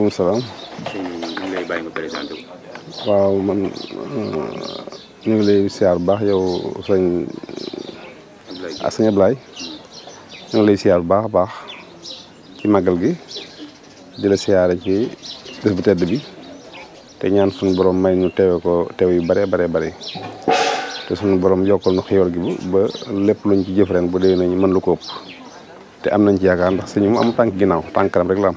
waaleykum salaam. sëñ bi ñu ngi lay bàyyi nga présenté wu. waaw man ñu ngi lay siar bu baax yow sëñ. ah sëñ Ablaye. ñu ngi lay siyaar bu baax ci màggal gi di la siyaare ci bés bu tedd bi te ñaan suñu borom may ñu teewe ko teew yu bare bare bare te suñu borom yokkal nu xéwal gi ba lépp luñ ci jëf ren bu dee nañu mën lu ko te am nañ ci yaakaar ndax sëñ mu am tànk ginnaaw tànk rek la am.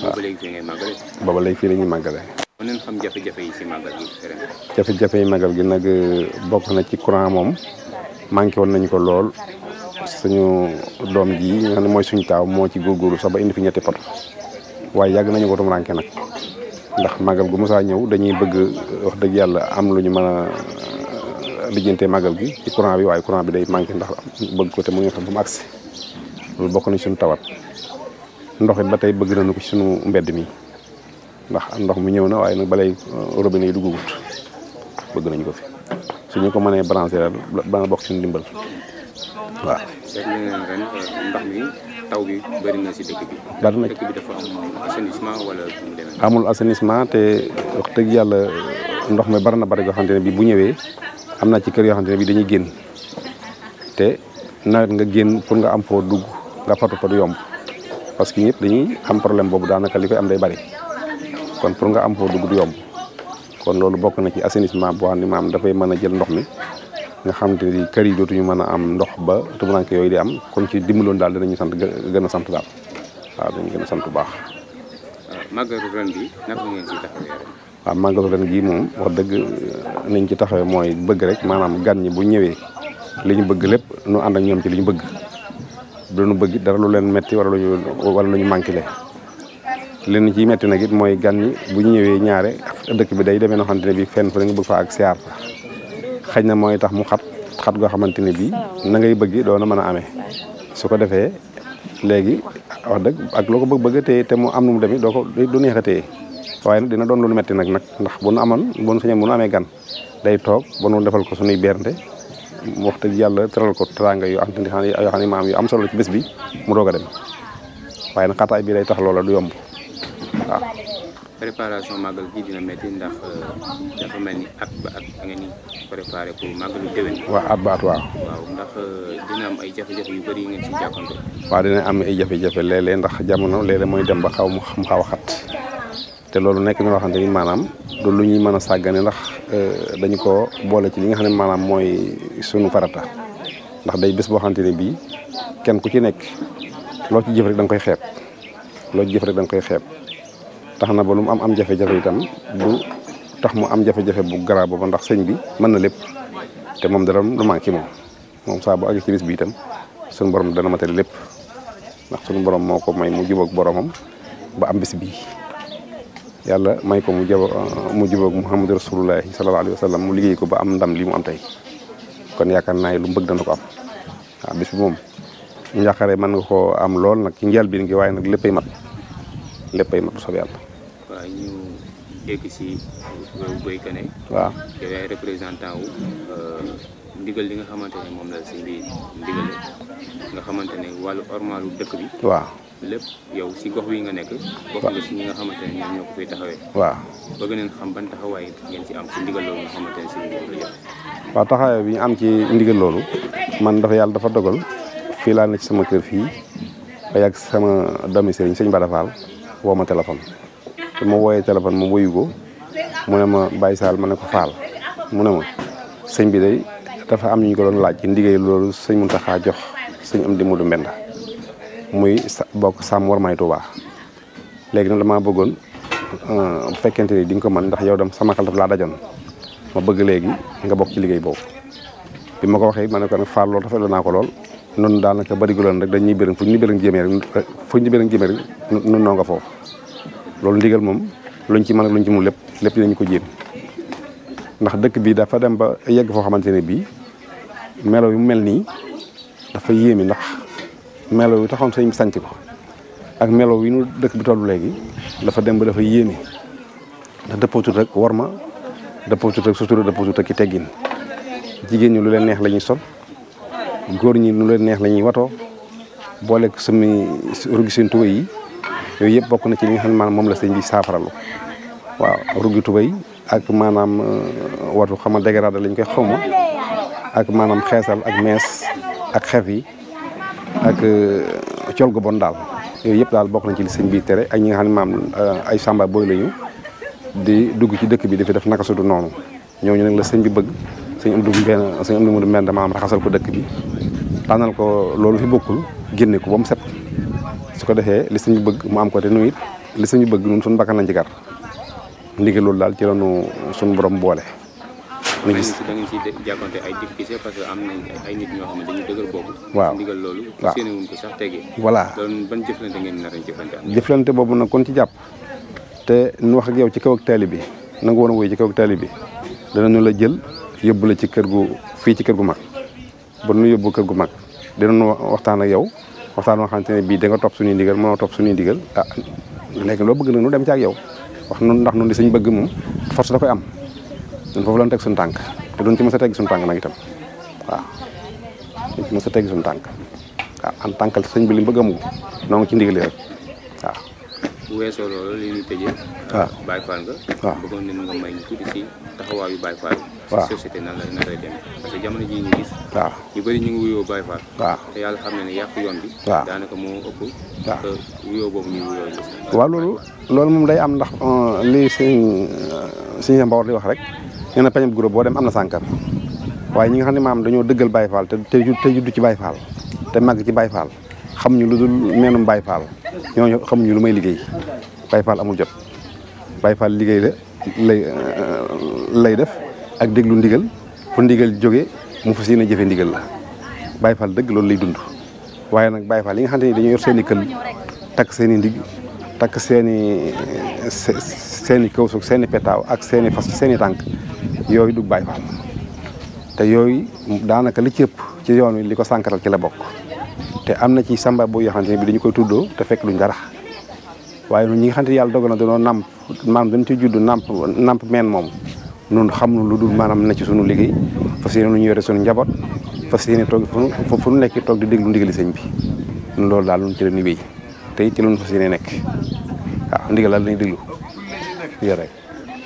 booba léegi fii ngay màggale. booba léegi fii la ñuy màggale. xam jafe-jafe yi ci courant moom manqué woon nañu ko lool suñu doom ji nga ne mooy suñu taaw moo ci góorgóorlu sax ba indi fi ñetti pot ko tum ndax gu dañuy bëgg wax am euh, gi ci courant bi courant bi day ndax bëgg ko mu xam suñu tawat ndox ba batay bëgg nañu ko ci sunu mbedd mi ndax ndox mi ñëw na waaye nag balay uh, robinet yi duggagut bëgg nañu ko fi suñu ko mënee branché daal bokk suñu ndimbal waaw. fekk na ren uh, ndox mi taw bi na si dëkk bi. bari na dëkk bi dafa am assainissement wala mu demee. amul assainissement te wax dëgg yàlla uh, ndox mi bari na bari yoo xamante ne bii bu ñëwee am na ci kër yoo xamante ne bii dañuy génn te nawet nga génn pour nga am foo dugg nga fatu fatu yomb. parce que yëpp dañuy am problème boobu daanaka li am day bari kon pour nga am foo dugg du yomb kon loolu bokk na ci assainissement boo xam ne maam dafay mën a jël ndox mi nga xam te ni kër yi dootuñu mën a am ndox ba tumuranke yooyu di am kon ci dimbaloon daal dinañu sant gën a sant daal waaw dañu gën a bu baax. màggalu ren bi naka ngeen ciy moom wax dëgg niñ ci taxawee mooy bëgg rek maanaam gan ñi bu ñëwee li ñu bëgg lépp nu ànd ak ñoom ci li ñu bëgg. duñu bëgg dara lu leen metti wala lu wala lu ñu lé leen ci metti nag it moy gan ñi bu ñëwé ñaaré dëkk bi day démé no xamante bi fenn fa nga bëgg fa ak siar fa xajna moy tax mu xat xat go xamanteni bi na ngay bëgg do na mëna amé su ko défé légui wax dëgg ak loko bëgg bëgg té té mu am nu mu démé do ko du neex a dina doon lu metti nak nak ndax bu nu amon bu nu xëñ mu nu gan day tok bu nu defal ko suñuy bernde wax dëgg yàlla tëral ko teranga yu am yoo xam ne maam yu am solo ci bés bi mu doog a dem waaye nag xataay bi lay tax loola du yomb préparation màggal gi dina métti ndax euh, dafa mel ni ba at nga ni préparé pour màggalu déwén. waaw waaw. ndax euh, dina am ay jafe-jafe yu bëri ngeen ci jàppante. waaw dina am ay jafe-jafe léeg ndax jamono léeg dem ba xaw mu xaw xat ndax. Euh, dañ ko boole ci li nga xam manam moy suñu sunu farata ndax day bës bo xamante bi bii kenn ku ci nek lo ci jëf rek dang koy xeeb lo ci jëf rek dang koy xeeb taxna ba lu am am jafé jafé itam du tax mu am jafé jafé bu garaa bo ndax señ bi man na lepp té mom dara lu manki mom mom sa bu àggee ci bis bi itam sunu borom dana matale lepp ndax sunu borom moko may mu jibok boromam ba am bis bi yalla may ko mu jabo mu jubóog muhammadur rasulullah sallallahu alaihi wasallam mu liggéey ko ba am ndam li mu am tay kon yaakaar naa lu mbeug dana ko am bis mom moom man nga ko am lool nak ci ngeel bi ngi way nak leppay mat leppay mat bu yalla wa ñu dégg ci loolu bay kané wa yow ay représentant wu euh, ndigal li nga xamantene mom la ci biir ndigal nga xamantene walu ormalu dëkk bi. wa lépp yow si gox wi nga nekk. bokk ñi nga xamante ne ñoom waaw bëgg am ci ndigal loolu si moom la jot. waaw bi ñu am ci ndigal man dafa yàlla dafa dogal fii laa nekk sama kër fii ba yàgg sama doomi sëriñ sëñ Bada Fall ma téléphone te ma wooyee téléphone ma wuyu ko mu ne ma Baye Sall ma ne ko Fall mu ne ma sëñ bi day dafa am ñu ko doon laaj ci ndigal loolu sëñ Mountakha jox sëñ am di Modou Mbenda. muy bokk sàmm warmaay Tuuba léegi nag damaa bëggoon euh, bu fekkente ni di ko mën ndax yow dam sama xel daf laa dajoon ma bëgg léegi nga bokk ci liggéey boobu bi ma ko waxee ma ne ko nag faal lool rafetlu naa ko lool noonu daanaka bëri gu loon rek dañuy bëri fu ñu bëri jëmee rek fu ñu bëri jëmee rek nun noo foofu loolu ndigal moom luñ ci mën ak luñ ci mun lépp lépp dinañ ko jéem ndax dëkk bi dafa dem ba yegg foo xamante ne bii melo mu mel nii dafa yéeme ndax melow yu taxoon sëñ bi sanc ko ak melow yi nu dëkk bi toll léegi dafa dem ba dafa yéeme ndax dëppootut ak worma dëppootut ak sutura dëppootut ak i teggin jigéen ñi lu leen neex lañuy ñuy sol góor ñi lu leen neex lañuy ñuy watoo booleeg sami rugi seen tubéy yi yooyu yëpp bokk na ci li nga xam ne maanaam moom la sëñ bi saafaralu waaw rugi tubéy ak maanaam euh, watu xama dégradé lañ koy xawma ak maanaam xeesal ak mees ak xef yi ak euh, col gu bon daal yooyu yëpp daal bokk nañ ci li sëñ bi tere ak ñi nga xam ne maam euh, ay samba booy lañu di dugg ci dëkk bi di def naka sudu noonu ñooñu nag la sëñ bi bëgg sëñ am dugg benn sëñ am dugg benn maam raxasal ko dëkk bi tànnal ko loolu fi bokkul génne ko ba mu set su ko defee li sëñ bi bëgg mu am ko te nu it li sëñ bi bëgg ñun suñ bakkan lañ ci gar loolu daal ci la ñu suñu borom boole ministre da ngeen si jàppante ay difficulté am nañ nit ñoo xam boobu. waaw ndigal loolu. waaw séenu wuñ ko sax tegee. voilà loolu jëflante a jëflante. jëflante boobu nag kon ci jàpp te nu wax ak yow ci kaw ak taali bi nangu woon a woy ci kaw ak taali bi danañu la jël yóbbu la ci kër gu fii ci kër gu mag ba nu yóbbu kër gu mag dinañu waxtaan ak yow waxtaan boo xamante ne bii da nga topp suñuy ndigal mënoo topp suñuy ndigal ah nekk bëgg nag nu dem ci ak yow wax nu ndax nun di suñ bëgg moom force da koy am ñun foofu la ñu teg suñu tànk te duñ ci mës a teg suñu tànk nag itam waaw duñ ci mës a teg suñu tànk waaw en sëñ bi li mu bëgg ci ndigali rek waaw. bu weesoo loolu li ñuy tëjee. waaw Baye Fall nga. waaw ñu yàlla xam na ne yoon bi. waaw daanaka moo ëpp. loolu loolu moom lay am ndax euh, li sëñ euh, sëñ Mbaor di wax rek. nee na pañab guro boo dem am na sànkar waaye ñi nga xam ne maam dañoo dëggal Baye Fall te te juddu ci Baye Fall te màgg ci Baye Fall xamuñu lu dul meenum Baye Fall ñooñu xamuñu lu may liggéey Baye Fall amul jot Baye Fall liggéey la lay euh, lay def ak déglu ndigal fu ndigal jóge mu fas yéene jëfe ndigal la Baye Fall dëgg loolu lay dund waaye nag Baye Fall yi nga xam ne dañoo yor seeni i kël takk seen i ndig takk seen i seen i kaw suuf ak seen i fas seen i tànk yooyu du Baay Faal te yooyu daanaka li ci ëpp ci yoon wi li ko sànkatal ci la bokk te am na ci samba boo yoo xamante ne bi dañu koy tuddoo te fekk duñ dara waaye ñun ñi nga xam ne yàlla dogal na dañoo namp maanaam dañ ci judd namp namp meen moom noonu xam nu lu du maanaam na ci sunu liggéey fas yéene nu ñu yore sunu njaboot fas yéene toog fu nu nekk toog di déglu ndigali sëñ bi ñun loolu daal lu ci la ñuy wéy te it ci lu nu fas yéene nekk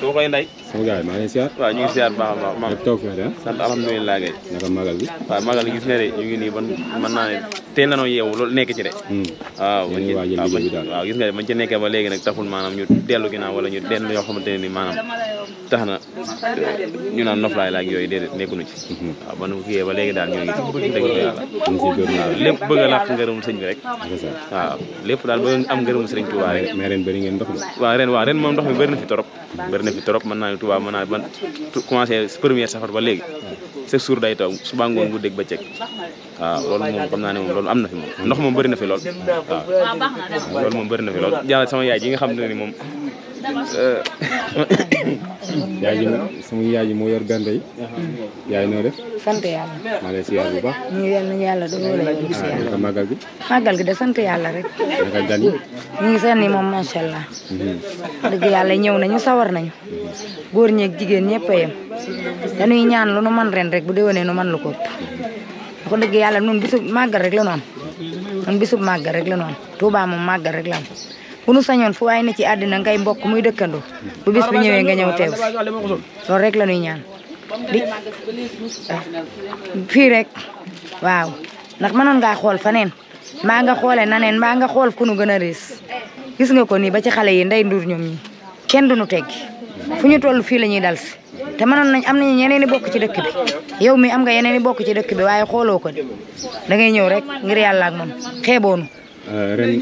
dama koy nday sama gars yi maa ngi siyaar waaw ñu ngi siyaar baax a baax toog fii ah. sant alhamdulilah gay naka magal bi waaw magal gis nga de ñu ngi nii ban mën teel na noo yeewu loolu nekk ci de hmm. waaw waaw gis nga de bañ ci nekkee ba léegi nag taxul maanaam ñu dellu ginnaaw wala ñu dellu yoo xamante ne ni maanaam tax na eh, ñu naan noflaay laak yooyu de nekkunu ci hmm. waaw ba nu ba léegi daal ñoo ngi ci lépp bëgg a làq ngërëmu sëñ bi rek waaw lépp daal bëgg am ngërëmu sëriñ Tuubaa rek waa ren bëri ngeen ndox mi waaw ren waaw moom ndox mi bëri na fi torop bëri na fi torop mën naa ne Tuubaa mën naa ba commencé première safar ba léegi chaque jour day taw suba ngoon guddeeg bëccëg waaw loolu moom xam naa ne moom loolu am fi moom ndox na fi na fi sama yaay ji nga xam ni moom yaay ji sama yaay ji moo yor gànde yaay noo def sant yàlla maa lay siyaar bu baax ñu yal nañu yàlla doole yow gis gi gi de rek ñu ngi seen ni allah mhm. dëgg yàlla ñëw nañu sawar nañu mhm. góor ñeeg dañuy ñaan lu nu man ren rek bu déwénee nu man lu ko ëpp wax dëgg yàlla nun bisub màggal rek la nu am nun bisub màggal rek la nu am Touba rek la am bu nu sañoon fu waaye ne ci àddina ngay mbokk muy dëkkandoo bu bis bi ñëwee nga ñëw teew loolu rek la nuy ñaan fii rek waaw ndax mënoon ngaa xool faneen mbaa nga xoolee naneen mbaa nga xool ku nu gën a riis gis nga ko nii ba ci xale yi nday ndur ñoom ñi kenn du nu teggi fu ñu toll fii la ñuy dal si te mënoon nañ am nañu ñeneen i bokk ci dëkk bi yow mi am ga yeneen i bokk ci dëkk bi waaye xooloo ko de da ngay ñëw rek ngir yàlla ak moom xeeboonu. Euh, ren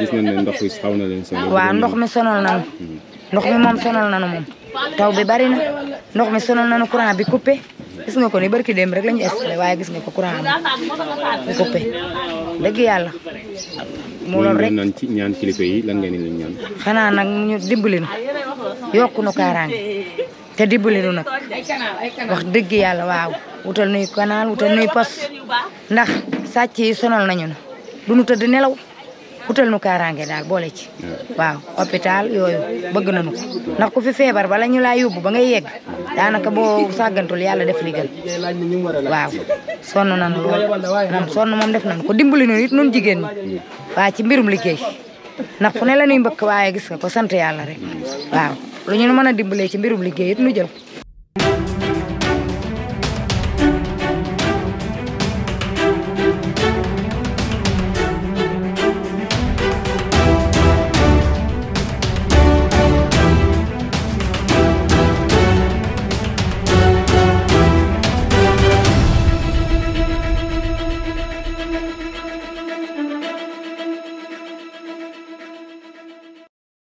gis nañ ne ndox mi xaw na leen waaw ndox mi sonal nañu. ndox mi moom sonal nañu moom taw bi bari ndox mi na nañu courant bi kuppe gis nga ko ni barki démb rek la ñu installé waaye gis nga ko courant bi coupé dëgg yàlla. mu loolu rek nan ci ñaan kilifa yi lan ngeen leen ñaan. xanaa nag ñu dimbali nu yokku nu kaaraange te dimbali nu nag wax dëgg yàlla waaw wutal nuy kanaal wutal nuy pos ndax sàcc yi sonal nañu nu du nu tëdd nelaw. utal nu kaaraange daal boole ci. waaw hôpital yooyu bëgg nañu ko ndax ku fi feebar bala ñu laa yóbbu ba nga yegg daanaka boo sàggantul yàlla def li gën waaw sonn nañu lool moom sonn moom def nañu ko dimbali nu it nun jigéen ñi waa ci mbirum liggéey ndax fu ne la ñuy mbëkk waaye gis nga ko sant yàlla rek waaw lu ñu mën a dimbalee ci mbirum liggéey it nu jël